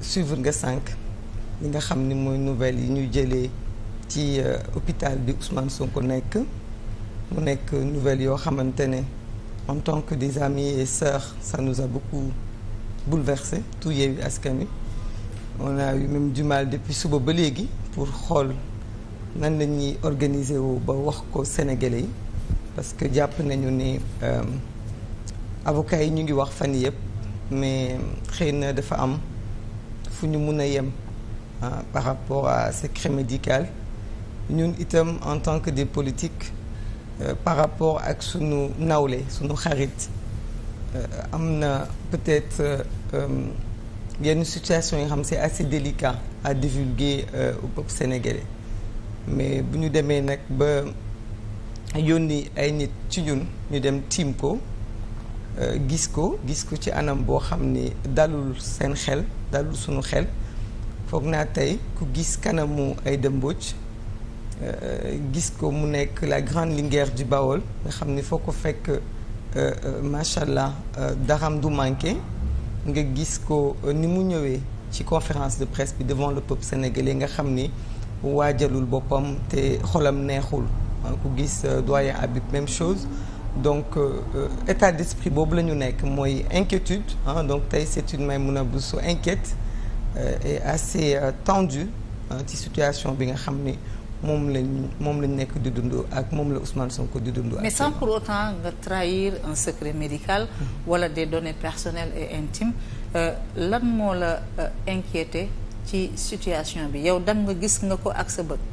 suivre nga sànq li nga xam ni mooy nouvelle yi ñu jëlee ci euh, hôpital bi Ousmane ko nekk mu nekk nouvelle yoo xamante ne en tant que des amis et sœurs ça nous a beaucoup bouleversé tout Yewwi Askan Wi on a eu du mal depuis suba ba léegi pour xool nan la ñuy organiser wu ba wax ko sénégale yi parce que jàpp nañu ni euh, avocats yi ñu ngi wax fan yëpp mais xëy na dafa am fu ñu mun a yem par rapport à secret médical ñun itam en tant que des politiques euh, par rapport ak suñu nawle suñu xarit euh, am na peut-être euh, yenn situation yi xam si assez délicat à divulguer au peuple sénégalais mais bu ñu demee nag ba yónni ay nit ci ñun ñu dem tiim ko gis ko gis ko ci anam boo xam ni dalul seen xel dalul suñu xel foog naa tey ku gis kanamu Aïda Mbodj euh, gis ko mu nekk la grande linguère du Bawol nga xam ni foo ko fekk euh, euh, macha allah daram du manqué nga gis ko ni mu ñëwee ci conférence de presse bi devant le peuple sénégalais nga xam ni waajalul boppam te xolam neexul ku gis doyen Habib même chose donc euh, euh, état d'esprit boobu la ñu nekk mooy inquiétude ah donc tey Seydi Maimouna Bousso inquiète euh, et assez tendue ci situation bi nga xam ni moom lañ moom lañ nekk di dund ak moom la Ousmane Sonko di dund. mais sans pour autant nga trahir un secret médical. Mm-hmm. wala des données personnelles et intimes lan moo la inquiété ci situation bi yow dem nga gis nga ko ak sa bët.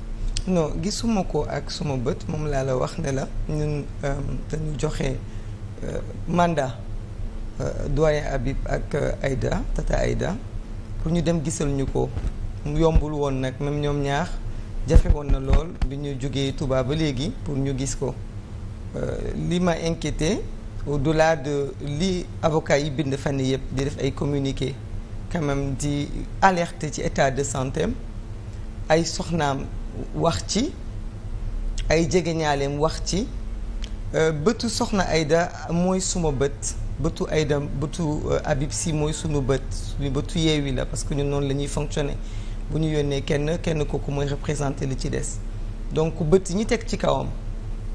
non gisuma ko ak suma bët moom laa la wax ne la ñun euh, dañu joxe euh, mandat euh, doyen Habib ak Aïda Tata Aïda pour ñu dem gisal ñu ko yombul woon nag même ñoom ñaax jafe woon na lool bi ñu jógee tubaab ba léegi pour ñu gis ko li ma inquiété au-delà de li avocat yi bind fan yëpp di def ay communiqué quand di alerter ci état de santé ay soxnaam wax ci ay jegeñaaleem wax ci euh, bëtu soxna ayda mooy suma bët bëtu Aida bëtu euh, Habib Sy mooy sunu bët suñu bëtu yeewi la parce que ñun noonu la ñuy fonctionner bu ñu yónnee kenn kenn ko mooy représenter li ci des donc bët yi ñu teg ci kawam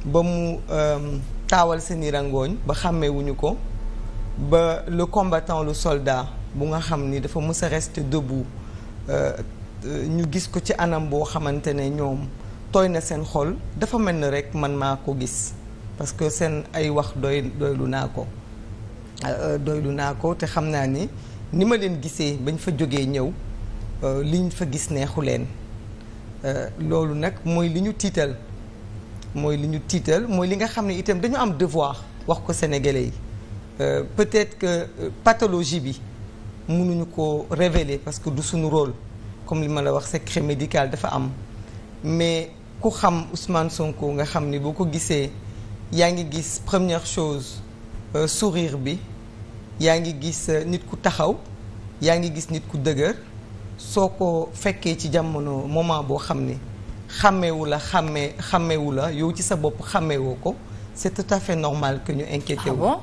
ba mu euh, taawal seeni rangooñ ba xàmmewuñu ko ba le combattant le soldat bu nga xam ni dafa mës a rester ñu gis ko ci anam boo xamante ne ñoom tooy na seen xol dafa mel ni rek man maa ko gis parce que seen ay wax doy doylu naa ko euh, euh, doylu naa ko te xam naa ni ni ma leen gisee bañ fa jógee ñëw euh, liñ fa gis neexu leen loolu nag mooy li ñu tiital mooy li ñu tiital mooy li nga xam ne itam dañu am devoir wax ko sénégalais yi peut-être que pathologie bi mënuñu ko révéler parce que du suñu role comme li ma la wax secret médical dafa am mais ku xam Ousmane Sonko nga xam ni boo ko gisee yaa ngi gis première chose euh, sourire bi yaa ngi gis euh, nit ku taxaw yaa ngi gis nit ku dëgër soo ko fekkee ci jamono moment boo xam ni xàmmeewu la xàmmee xàmmeewu la yow ci sa bopp xàmmeewoo ko c'est tout à fait normal que ñu inquiété ah wu. bon?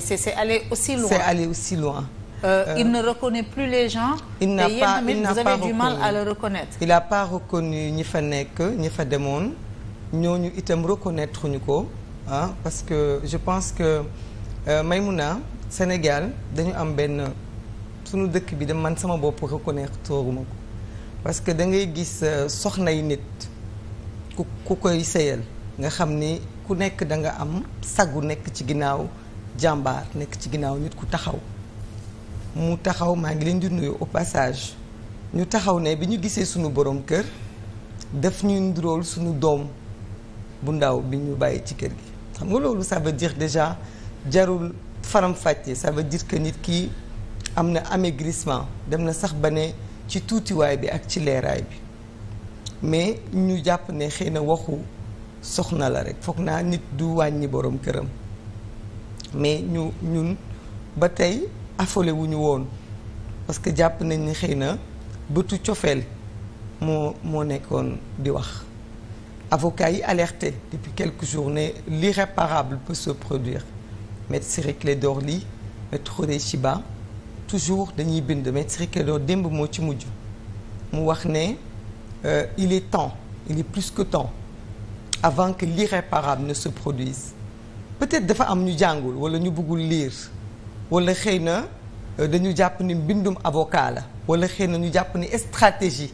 c'est aller aussi loin. Euh, euh, il ne plus les gens. il n'a pas il n'a pas vous avez du mal à le reconnaître. il n'a pas reconnu ñi fa nekk ñi fa demoon ñooñu itam reconnaître ñu ko ah parce que je pense que euh, naa Sénégal dañu am benn sunu dëkk bi de man sama bopp reconnaître tooguma ko parce que da ngay gis euh, soxna yi nit ku ku koy sëyal nga xam ni ku nekk da nga am sagu nekk ci ginnaaw jàmbaar nekk ci ginnaaw nit ku taxaw. mu taxaw maa ngi leen di nuyu au passage ñu taxaw ne bi ñu gisee sunu borom kër daf ñu ndurool sunu doom bu ndaw bi ñu bàyyi ci kër gi xam nga loolu ça veut dire déjà jarul faramfàcce fàcce ça veut nit kii am na amaigrissement dem na sax ba ne ci tuutiwaay bi ak ci leeraay bi mais ñu jàpp ne xëy na waxu soxna la rek foog naa nit du wàññi boroom këram mais ñu ñun ba tey afole wu ñu woon parce que jàpp nañ ni xëy na bëtu cofeel moo moo nekkoon di wax avocats yi alerte depuis quelques journées l'irréparable peut se produire maître Ciré Clédor Ly maître Khoureychi Ba toujours dañuy bind maître Ciré Clédor démb moo ci mujj mu wax ne euh, il est temps il est plus que temps avant que l'irréparable ne se produise peut-être dafa am ñu jàngul wala ñu buggul liir wala xëy na euh, dañu jàpp ni mbindum avocat la wala xëy na ñu jàpp ni stratégie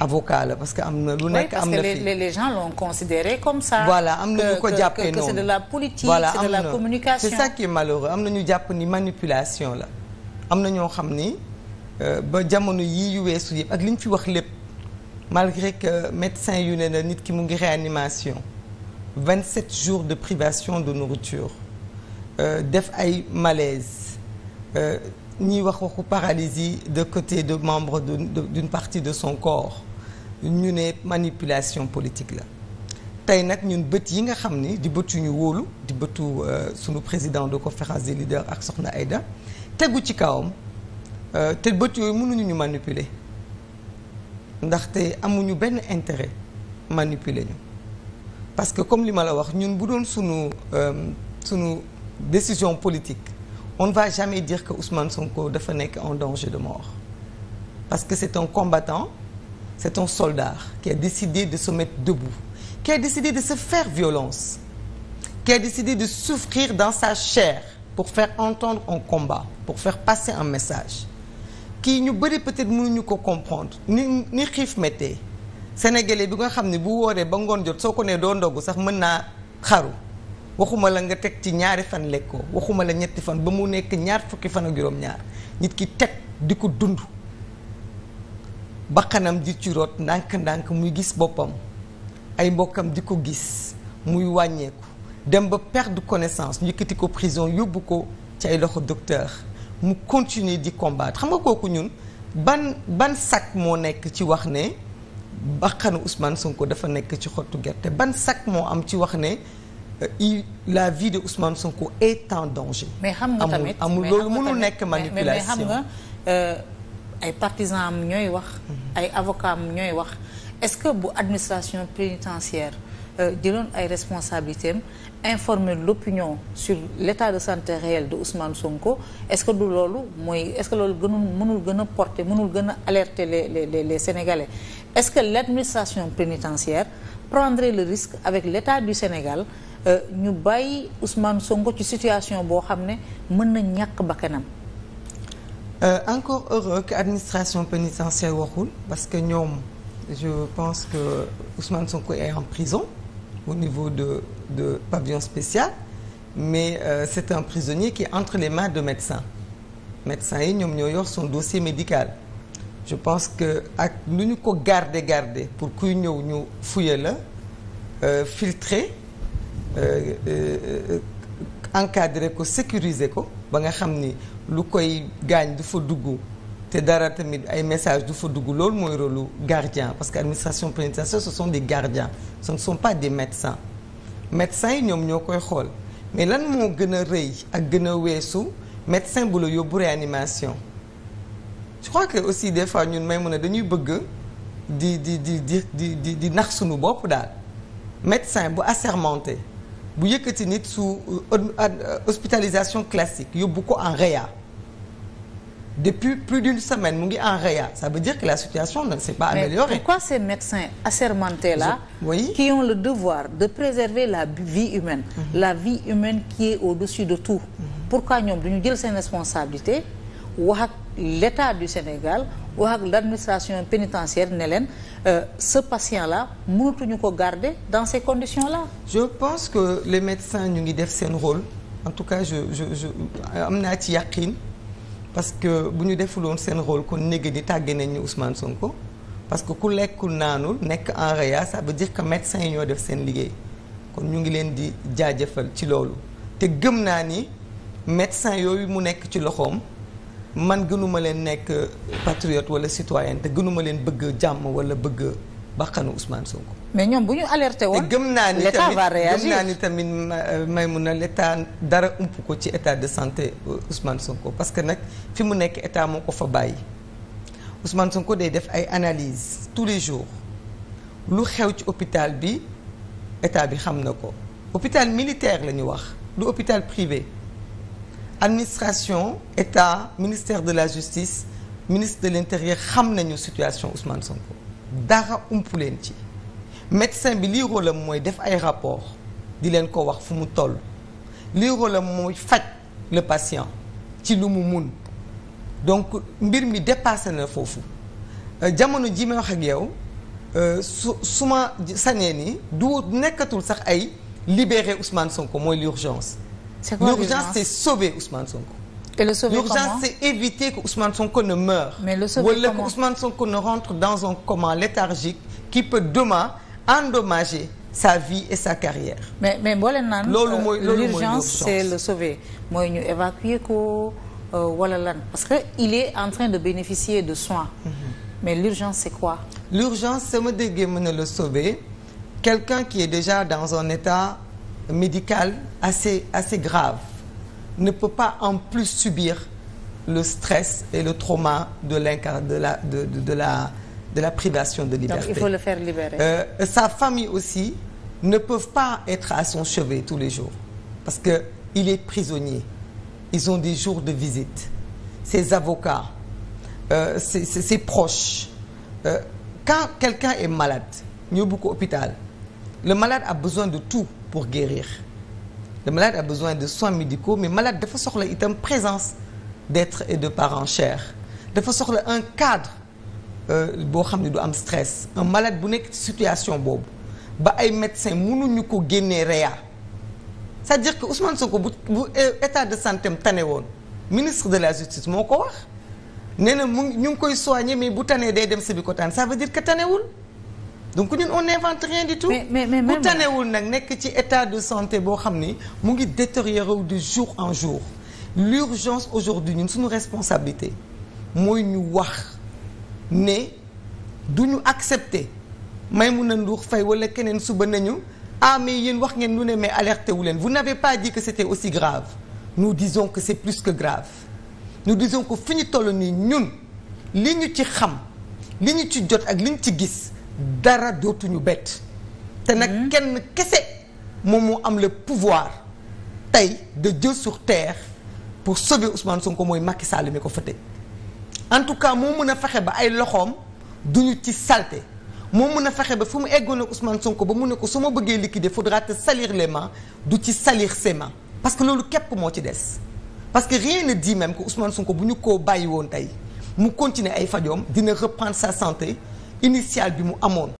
avocat la parce que am na lu nekk am na fi les gens l'ont considéré comme ça. voilà am na ñu ko jàppee noonu la politique voilà, c'est la communication c'est ça qui est malheureux am na jàpp ni manipulation la am na ñoo xam ni euh, ba jamono yii yu weesu yëpp ak li ñu fi wax lépp malgré que médecin yu ne na nit ki mu ngi réanimation 27 jours de privation de nourriture. Euh, def ay malaise euh, ñuy wax waxu paralysie de côté de membre d'une partie de son corps ñu ne manipulation politique la tey nag ñun bët yi nga xam ni di bët yu ñu wóolu di bëtu euh, suñu président de conférence des leaders ak Soxna Aïda tegu ci kawam te bët yooyu mënuñu ñu manipuler ndaxte amuñu benn intéret manipuler ñu parce que comme li ma la wax ñun bu doon suñu suñu décision politique on ne va jamais dire que Ousmane Sonko dafa nekk un danger de mort parce que c'est un combattant c'est un soldat qui a décidé de se mettre debout qui a décidé de se faire violence qui a décidé de souffrir dans sa chair pour faire entendre un combat pour faire passer un message kii ñu bëri peut-être ñu ko comprendre ni ni xiif méttee sénégalais bi nga xam ne bu wooree ba ngoon jot soo ko nee doo ndogu sax mën naa xaru waxuma la nga teg ci ñaari fan lekkoo waxuma la ñetti fan ba mu nekk ñaar fukki fan a juróom-ñaar nit ki teg di ko dund bakkanam di ci root ndànk-ndànk muy gis boppam ay mbokkam di ko gis muy wàññeeku dem ba perdre connaissance ñu yëkkati ko prison yóbbu ko ci ay loxo docteur mu continuer di combattre xam nga kooku ñun ban ban sac moo nekk ci wax ne bakkanu Ousmane Sonko dafa nekk ci xottu gerte ban sac moo am ci wax ne Euh, la vie de Ousmane Sonko est en danger. mais xam nga tamit amul loolu mënul nekk manipulation mais xam nga euh, ay partisans am ñooy wax. Mhm. ay avocats am ñooy wax est-ce que bu administration pénitentiaire euh, jëloon ay responsabilités am informer l'opinion sur l'état de santé réel de Ousmane Sonko est-ce que du loolu mooy est-ce loolu gënul mënul gën a porter mënul gën a alerte les les les Sénégalais est-ce que l'administration pénitentiaire prendrait le risque avec l'état du Sénégal. Euh, ñu bàyyi Ousmane songo ci situation boo xam ne mën na ñàkk bakkanam euh, encore heureux que administration pénitentiaire waxul parce que ñoom je pense que Ousmane Sonko est en prison au niveau de de pavillon spécial mais euh, c'est un prisonnier qui est entre les mains de médecins médecins yi ñoom ñoo yor son dossier médical je pense que ak nu ñu ko garder garder pour kuy ñëw ñu fuye la euh, filtrer Euh, euh, euh, encadrer ko sécuriser ko ba nga xam ni lu koy gaañ du fa dugg te dara tamit ay message du fa dugg loolu mooy rôlu gardien parce que administration pénitentiaire ce sont de gardiens ce son sont pas des médecins médecins yi ñoom ñoo koy xool mais lan moo gën a rëy ak gën a weesu médecin bu la yóbbu réanimation je crois que aussi des fois ñun may mun a dañuy bëgg di di di di di di di nax suñu bopp daal médecin bu assermenté bu yëkkati nit su euh, euh, hospitalisation classique yóbbu ko en réa depuis plus d'une semaine mu ngi en réa ça veut dire que la situation ne s'est pas améliorée. mais pourquoi ces médecins assermentés là. oui qui ont le devoir de préserver la vie humaine. Mm -hmm. la vie humaine qui est au-dessus de tout. Mm -hmm. pourquoi ñoom du ñu jël seen responsabilité wax ak l'État du Sénégal waa ak l'administration pénitentiaire ne leen euh, ce patient la mënatuñu ko garde dans ces conditions-là. je pense que les médecins ñu ngi def seen rôle en tout cas je am naa ci yàqin parce que bu ñu defuloon seen rôle kon néegi di tàggee nañ ñu son Sonko parce que ku lekkul naanul nekk en réa ça veut dire que médecins yi ñoo def seen liggéey kon ñu ngi leen di jaajëfal ci loolu te gëm naa ni médecin yooyu mu nekk ci loxoom. man gënuma leen nekk patriote wala citoyen te gënuma leen bëgg jàmm wala bëgg bàqanu Ousmane Sonko. mais ñoom bu ñu alerté woon gëm naa ni tamit gëm naa ni tamit euh, Maymuna l'état dara ump ko ci état de santé euh, Ousmane Sonko parce que nag fi mu nekk état moo ko fa bàyyi Ousmane Sonko day def ay analyse tous les jours lu xew ci hôpital bi état bi xam na ko hôpital militaire la ñu wax du hôpital privé. administration état ministère de la justice ministre de l'intérieur xam nañu situation Ousmane Sonko dara umpu leen ci médecin bi lii la mooy def ay rapport di leen ko wax fu mu toll lii la mooy faj le patient ci lu mu mun donc mbir mi dépassé na foofu euh, jamono jii may wax ak yow euh, su su ma sañee ni du nekkatul sax ay libérer Ousmane Sonko mooy l'urgence L'urgence, c'est sauver Ousmane Sonko. Et L'urgence, c'est éviter que Ousmane Sonko ne meure. Mais le sauver Ou que Ousmane Sonko ne rentre dans un coma léthargique qui peut demain endommager sa vie et sa carrière. Euh, l'urgence c'est le sauver mooy ñu évacuer euh, parce que il en train de bénéficier de soins. Mm -hmm. mais l'urgence c'est quoi. l'urgence c'est le sauver quelqu'un qui est déjà dans un état. médicale assez, assez grave ne peut pas en plus subir le stress et le trauma de, de, la, de, de, de, la, de la privation de liberté. Donc il faut le faire libérer. Euh, sa famille aussi ne peuvent pas être à son chevet tous les jours parce qu'il est prisonnier. Ils ont des jours de visite. Ses avocats, euh, ses, ses, ses, proches. Euh, quand quelqu'un est malade, nous beaucoup hôpital, le malade a besoin de tout pour guérir le malade a besoin de soins médicaux mais malade dafa soxla itam présence d'êtres et de parents chers dafa soxla un cadre euh, boo xam ne du am stress un malade bu nekk ci situation boobu ba ay médecins mënuñu ko génnee réa c'est-à-dire que Ousmane Sonko bu bu euh, état de santé tane woon ministre de la justice moo ko wax nee na mu ñu ngi koy soigner mais bu tanee day dem Sébikotane ça veut dire que tanewul donc ñun on n'invente rien du tout. mais mais mais bu tanewul nag nekk ci état de santé boo xam ni mu ngi détériorer wu de jour en jour l'urgence aujourd'hui ñun suñu responsabilité mooy ñu wax ne du ñu accepter Maïmouna Ndour Faye wala keneen suba nañu ah mais yéen wax ngeen lu ne mais alerté wu leen vous n'avez pas dit que c'était aussi grave nous disons que c'est plus que grave nous disons que fi ñu toll nii ñun li ñu ci xam li ñu ci jot ak li ñu ci gis. dara dootuñu bett. te nag hmm. kenn kese moom moo am le pouvoir tey de Dieu sur terre pour sauver Ousmane sunko mooy Macky Sall ko fa en tout cas moo mën a fexe ba ay loxoom duñu ci salte moo mën a fexe ba fu mu eggoon ak Ousmane Sonko ba mu ne ko su ma bëggee liquider faudra te salir les mains du ci salir ses mains loolu képp moo ci des parce que rien ne dit même que Ousmane bu ñu koo bàyyi woon tey mu continuer ay fajoom dina reprendre sa santé initial bi mu amoon